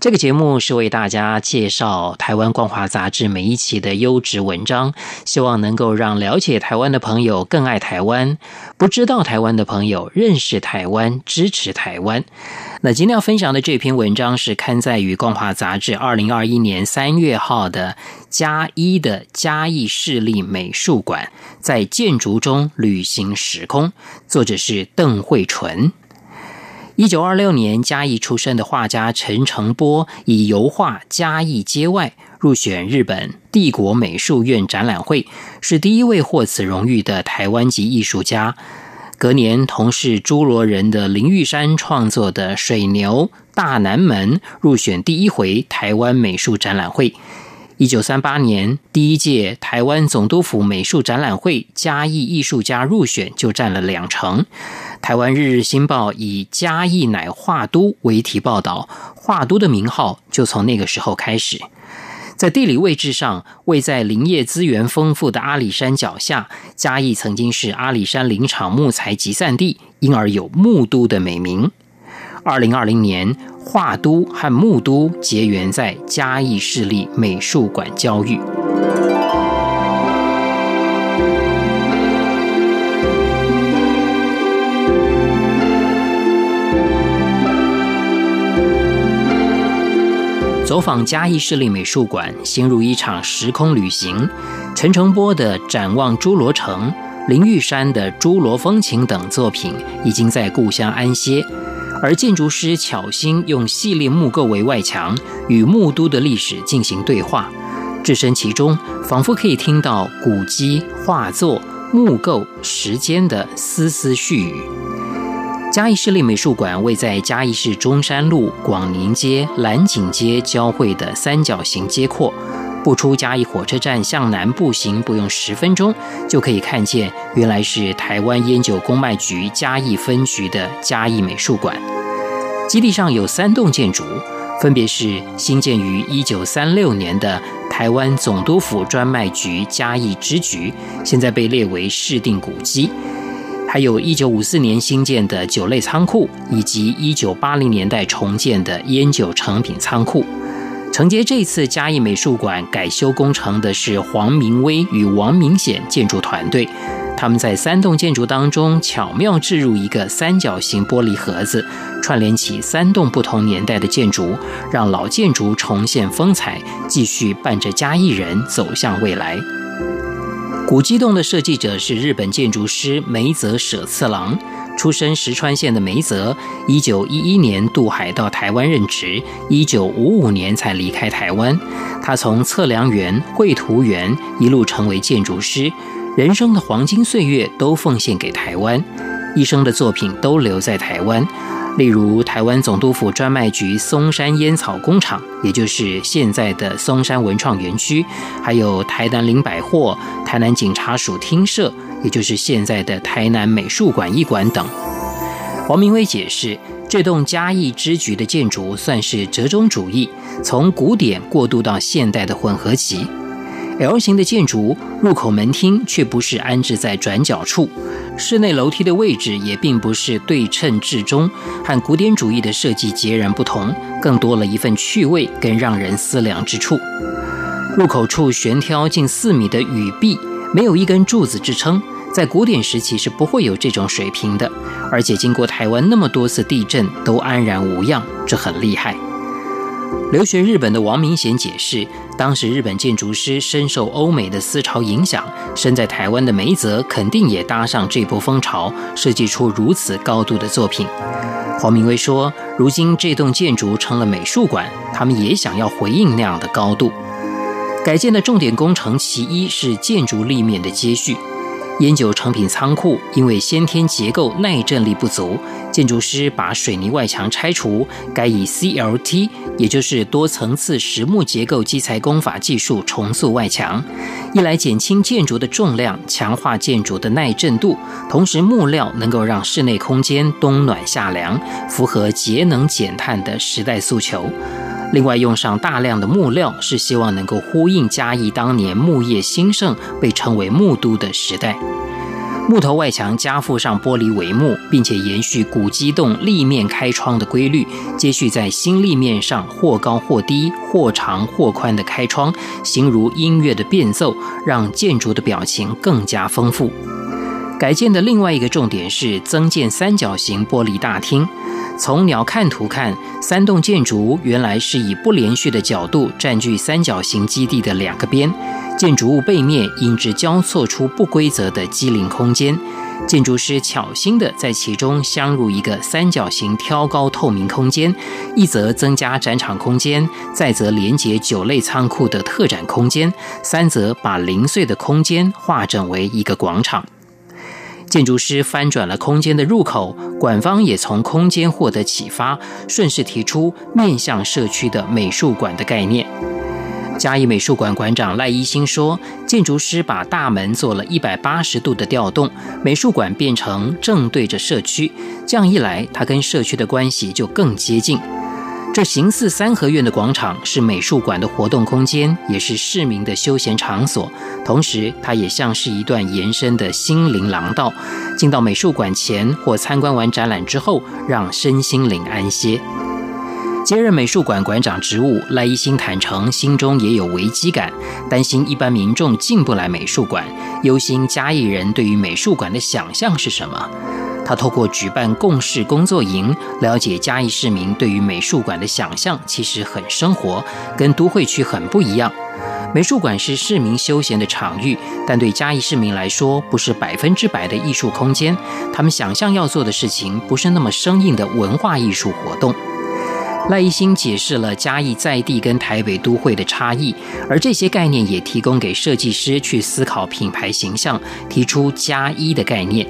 這個節目是為大家介紹台灣光華雜誌每一期的優質文章，希望能夠讓了解台灣的朋友更愛台灣，不知道台灣的朋友認識台灣，支持台灣。那今天要分享的這篇文章是刊載於《光華雜誌》二零二一年三月號的《加一的嘉義市立美術館在建築中旅行時空》，作者是鄧慧純。一九二六年，嘉義出身的畫家陳澄波以油畫《嘉義街外》入選日本帝國美術院展覽會，是第一位獲此榮譽的台灣籍藝術家。隔年，同是諸羅人的林玉山創作的《水牛大南門》入選第一回台灣美術展覽會。一九三八年，第一屆臺灣總督府美術展覽會，嘉義藝術家入選就占了兩成。臺灣日日新報以“嘉義乃畫都”為題報道，畫都的名號就從那個時候開始。在地理位置上，位在林業資源豐富的阿里山腳下，嘉義曾經是阿里山林場木材集散地，因而有木都的美名。二零二零年，畫都和木都結緣，在嘉義市立美術館交遇。走訪嘉義市立美術館，形入一場時空旅行。陳澄波的《展望諸羅城》，林玉山的《諸羅風情》等作品，已經在故鄉安歇。而建築師巧心用系列木構為外牆，與木都的歷史進行對話，置身其中，仿佛可以聽到古蹟、畫作、木構、時間的絲絲絮語。嘉義市立美術館位在嘉義市中山路、廣寧街、蘭井街交匯的三角形街廓。步出嘉義火車站，向南步行，不用十分鐘就可以看見，原來是台灣菸酒公賣局嘉義分局的嘉義美術館。基地上有三棟建築，分別是興建於1936年的台灣總督府專賣局嘉義支局，現在被列為市定古蹟；還有1954年新建的酒類倉庫，以及1980年代重建的菸酒成品倉庫。承接這次嘉義美術館改修工程的是黃明威與王明顯建築團隊，他們在三棟建築當中巧妙置入一個三角形玻璃盒子，串聯起三棟不同年代的建築，讓老建築重現風采，繼續伴着嘉義人走向未來。古蹟棟的設計者是日本建築師梅澤舍次郎。出身石川縣的梅澤，一九一一年渡海到台灣任職，一九五五年才離開台灣。他從測量員、繪圖員一路成為建築師，人生的黃金歲月都奉獻給台灣，一生的作品都留在台灣。例如台灣總督府專賣局松山菸草工廠，也就是現在的松山文創園區，還有台南林百貨、台南警察署廳舍。也就是現在的台南美術館一館等，王明威解釋，這棟嘉義支局的建築算是折中主義，從古典過渡到現代的混合體。L 型的建築，入口門廳卻不是安置在轉角處，室內樓梯的位置也並不是對稱至中，和古典主義的設計截然不同，更多了一份趣味跟讓人思量之處。入口處懸挑近四米的雨庇。沒有一根柱子支撐，在古典時期是不會有這種水平的。而且經過台灣那麼多次地震都安然無恙，這很厲害。留學日本的王明賢解釋，當時日本建築師深受歐美的思潮影響，身在台灣的梅澤肯定也搭上這波風潮，設計出如此高度的作品。黃明威說，如今這棟建築成了美術館，他們也想要回應那樣的高度。改建的重點工程其一是建築立面的接續。菸酒成品倉庫因為先天結構耐震力不足，建築師把水泥外牆拆除，改以 CLT，也就是多層次實木結構基材工法技術重塑外牆。一來減輕建築的重量，強化建築的耐震度；同時木料能夠讓室內空間冬暖夏涼，符合節能減碳的時代訴求。另外，用上大量的木料，是希望能夠呼應嘉義當年木業興盛，被稱為木都的時代。木頭外牆加附上玻璃帷幕，並且延續古蹟棟立面開窗的規律，接續在新立面上或高或低、或長或寬的開窗，形如音樂的變奏，讓建築的表情更加豐富。改建的另外一個重點是增建三角形玻璃大廳。從鳥瞰圖看，三棟建築原來是以不連續的角度佔據三角形基地的兩個邊，建築物背面因之交錯出不規則的畸零空間。建築師巧心地在其中鑲入一個三角形挑高透明空間，一則增加展場空間，再則連接酒類倉庫的特展空間，三則把零碎的空間化整為一個廣場。建築師翻轉了空間的入口，館方也從空間獲得啟發，順勢提出面向社區的美術館的概念。嘉義美術館館長賴一新說：“建築師把大門做了一百八十度的調動，美術館變成正對着社區，這樣一來，它跟社區的關係就更接近。”這形似三合院的廣場是美術館的活動空間，也是市民的休閒場所。同時，它也像是一段延伸的心靈廊道。進到美術館前或參觀完展覽之後，讓身心靈安歇。接任美術館館長職務，賴一新坦誠，心中也有危機感，擔心一般民眾進不來美術館，憂心嘉義人對於美術館的想象是什麼。他透過舉辦共事工作營，了解嘉義市民對於美術館的想象，其實很生活，跟都會區很不一樣。美術館是市民休閒的場域，但對嘉義市民來說，不是百分之百的藝術空間。他們想象要做的事情，不是那麼生硬的文化藝術活動。賴依欣解釋了嘉義在地跟台北都會的差異，而這些概念也提供給設計師去思考品牌形象，提出“加一”的概念。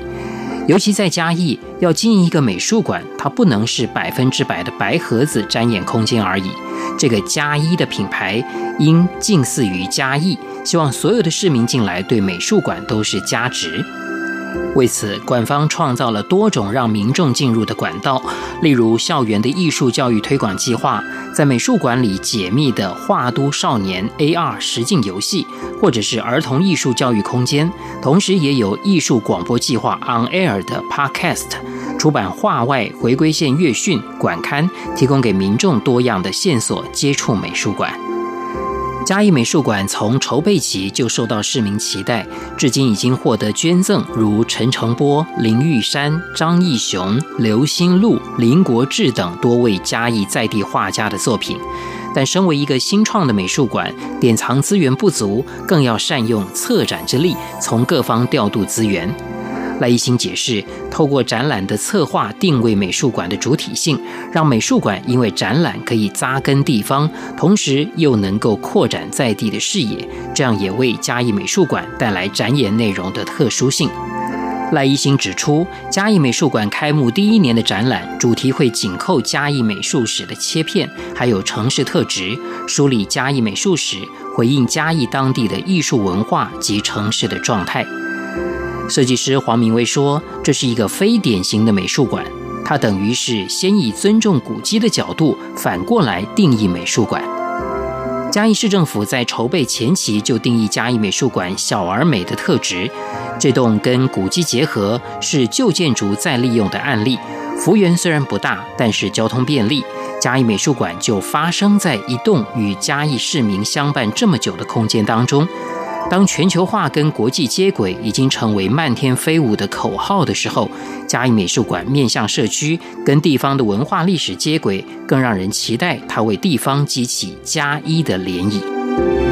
尤其在嘉義要經營一個美術館，它不能是百分之百的白盒子展演空間而已。這個“加一”的品牌應近似於嘉義，希望所有的市民進來對美術館都是加值。為此，館方創造了多種讓民眾進入的管道，例如校園的藝術教育推廣計劃，在美術館裡解密的畫都少年 AR 實境遊戲，或者是兒童藝術教育空間。同時，也有藝術廣播計劃 On Air 的 Podcast，出版畫外回歸線月訊館刊，提供給民眾多樣的線索接觸美術館。嘉義美術館從籌備起就受到市民期待，至今已經獲得捐贈，如陳澄波、林玉山、張義雄、劉新祿、林國志等多位嘉義在地畫家的作品。但身為一個新創的美術館，典藏資源不足，更要善用策展之力，從各方調度資源。賴一新解釋，透過展覽的策劃定位美術館的主體性，讓美術館因為展覽可以扎根地方，同時又能夠擴展在地的視野，這樣也為嘉義美術館帶來展演內容的特殊性。賴一新指出，嘉義美術館開幕第一年的展覽主題會緊扣嘉義美術史的切片，還有城市特質，梳理嘉義美術史，回應嘉義當地的藝術文化及城市的狀態。設計師黃明威說：“這是一個非典型的美術館，它等於是先以尊重古蹟的角度，反過來定義美術館。”嘉義市政府在籌備前期就定義嘉義美術館“小而美”的特質。這棟跟古蹟結合是舊建築再利用的案例。幅員雖然不大，但是交通便利。嘉義美術館就發生在一棟與嘉義市民相伴這麼久的空間當中。當全球化跟國際接軌已經成為漫天飛舞的口號的時候，嘉義美術館面向社區，跟地方的文化歷史接軌，更讓人期待它為地方激起嘉義的漣漪。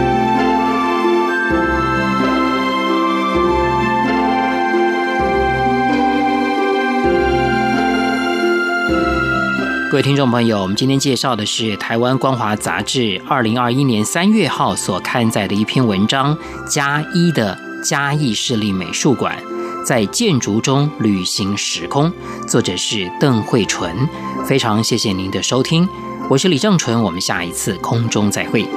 各位聽眾朋友，我們今天介紹的是台灣光華雜誌二零二一年三月號所刊載的一篇文章《加一的嘉義市立美術館在建築中旅行時空》，作者是鄧慧純。非常謝謝您的收聽，我是李正純，我們下一次空中再會。